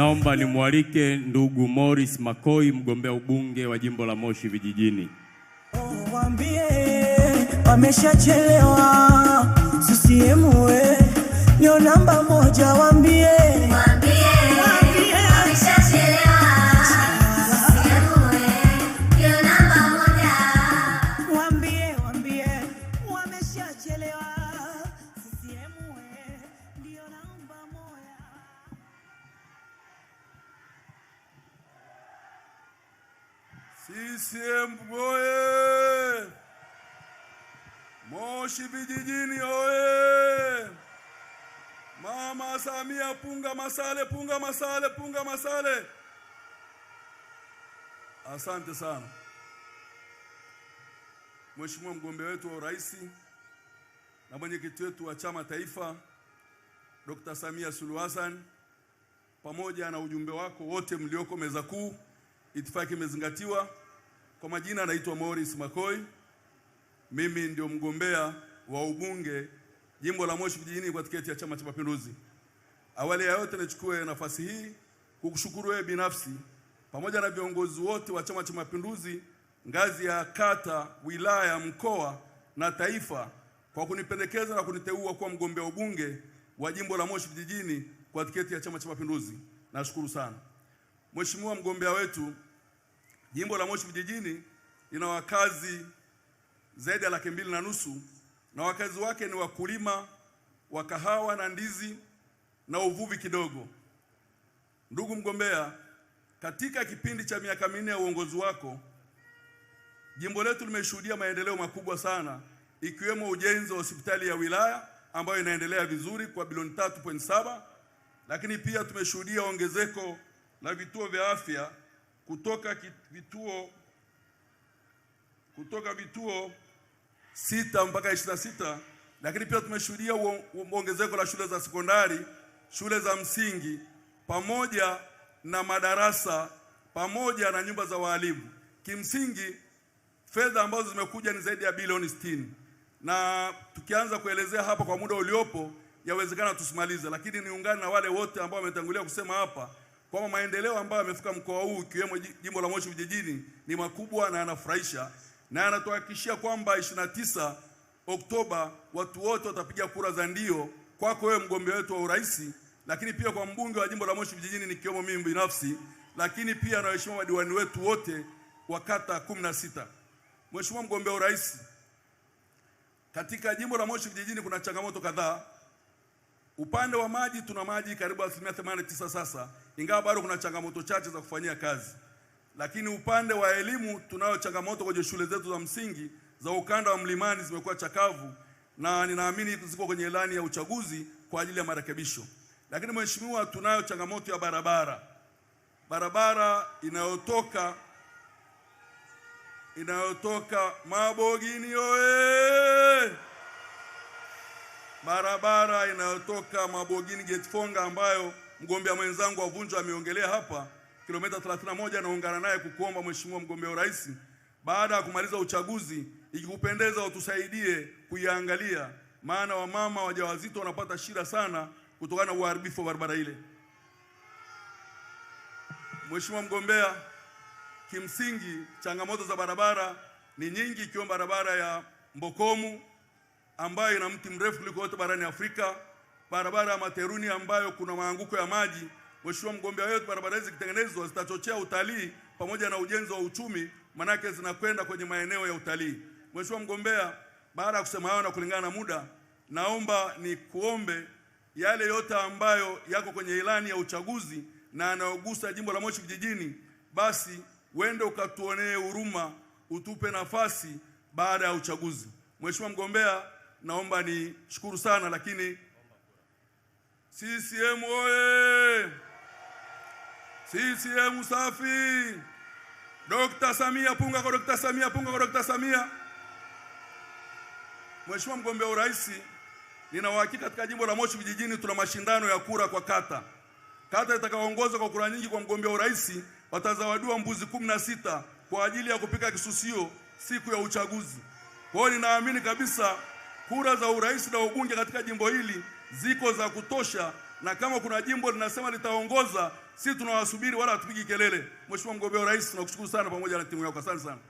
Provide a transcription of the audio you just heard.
Naomba nimwalike ndugu Morris Makoi, mgombea ubunge wa jimbo la Moshi Vijijini. Oh, wambie, wameshachelewa CCM oye! Moshi vijijini oye! Mama Samia punga masale, punga masale, punga masale. Asante sana Mheshimiwa mgombea wetu wa urais na mwenyekiti wetu wa chama taifa Dr. Samia Suluhu Hassan pamoja na ujumbe wako wote mlioko meza kuu, itifaki imezingatiwa. Kwa majina anaitwa Morris Makoi. Mimi ndio mgombea wa ubunge jimbo la Moshi vijijini kwa tiketi ya Chama cha Mapinduzi. Awali ya yote, nichukue nafasi hii kukushukuru wewe binafsi pamoja na viongozi wote wa Chama cha Mapinduzi ngazi ya kata, wilaya, mkoa na taifa kwa kunipendekeza na kuniteua kuwa mgombea ubunge wa jimbo la Moshi vijijini kwa tiketi ya Chama cha Mapinduzi. Nashukuru sana. Mheshimiwa mgombea wetu Jimbo la Moshi Vijijini lina wakazi zaidi ya laki mbili na nusu na wakazi wake ni wakulima wa kahawa na ndizi na uvuvi kidogo. Ndugu mgombea, katika kipindi cha miaka minne ya uongozi wako, jimbo letu limeshuhudia maendeleo makubwa sana, ikiwemo ujenzi wa hospitali ya wilaya ambayo inaendelea vizuri kwa bilioni 3.7, lakini pia tumeshuhudia ongezeko la vituo vya afya kutoka vituo kutoka vituo sita mpaka ishirini na sita lakini pia tumeshuhudia ongezeko la shule za sekondari, shule za msingi, pamoja na madarasa pamoja na nyumba za waalimu. Kimsingi fedha ambazo zimekuja ni zaidi ya bilioni sitini na tukianza kuelezea hapa kwa muda uliopo, yawezekana tusimalize, lakini niungane na wale wote ambao wametangulia kusema hapa kwamba maendeleo ambayo yamefika mkoa huu ikiwemo jimbo la Moshi Vijijini ni makubwa na yanafurahisha, na yanatuhakikishia kwamba 29 Oktoba watu wote watapiga kura za ndio kwako wewe mgombea wetu wa urais, lakini pia kwa mbunge wa jimbo la Moshi Vijijini nikiwemo mimi binafsi, lakini pia na waheshimiwa madiwani wetu wote wa kata 16. Mheshimiwa mgombea urais, katika jimbo la Moshi Vijijini kuna changamoto kadhaa. Upande wa maji, tuna maji karibu asilimia 89 sasa ingawa bado kuna changamoto chache za kufanyia kazi. Lakini upande wa elimu, tunayo changamoto kwenye shule zetu za msingi za ukanda wa mlimani, zimekuwa chakavu na ninaamini ziko kwenye ilani ya uchaguzi kwa ajili ya marekebisho. Lakini mheshimiwa, tunayo changamoto ya barabara, barabara inayotoka inayotoka Mabogini oye, barabara inayotoka Mabogini Getfonga ambayo mgombea mwenzangu wavunjwa ameongelea hapa, kilomita 31 naungana naye kukuomba Mheshimiwa mgombea urais, baada ya kumaliza uchaguzi, ikikupendeza utusaidie kuiangalia, maana wamama wajawazito wanapata shida sana kutokana na uharibifu wa barabara ile. Mheshimiwa mgombea, kimsingi changamoto za barabara ni nyingi, ikiwemo barabara ya Mbokomu ambayo ina mti mrefu kuliko yote barani Afrika barabara ya Materuni ambayo kuna maanguko ya maji. Mheshimiwa mgombea wetu, barabara hizi zikitengenezwa zitachochea utalii pamoja na ujenzi wa uchumi, manake zinakwenda kwenye maeneo ya utalii. Mheshimiwa mgombea, baada ya kusema hayo na kulingana na muda, naomba ni kuombe yale yote ambayo yako kwenye ilani ya uchaguzi na yanayogusa jimbo la Moshi Vijijini, basi wende ukatuonee huruma, utupe nafasi baada ya uchaguzi. Mheshimiwa mgombea, naomba nishukuru sana lakini CCM oye! CCM safi! Dr. Samia punga kwa Dr. Samia punga kwa Dr. Samia. Mheshimiwa mgombea urais, nina uhakika katika jimbo la Moshi vijijini tuna mashindano ya kura kwa kata. Kata itakayoongozwa kwa kura nyingi kwa mgombea urais watazawadiwa mbuzi kumi na sita kwa ajili ya kupika kisusio siku ya uchaguzi. Kwa hiyo ninaamini kabisa Kura za urais na ubunge katika jimbo hili ziko za kutosha, na kama kuna jimbo linasema litaongoza, sisi tunawasubiri wala hatupigi kelele. Mheshimiwa mgombea urais, tunakushukuru sana pamoja na timu yako, asante sana.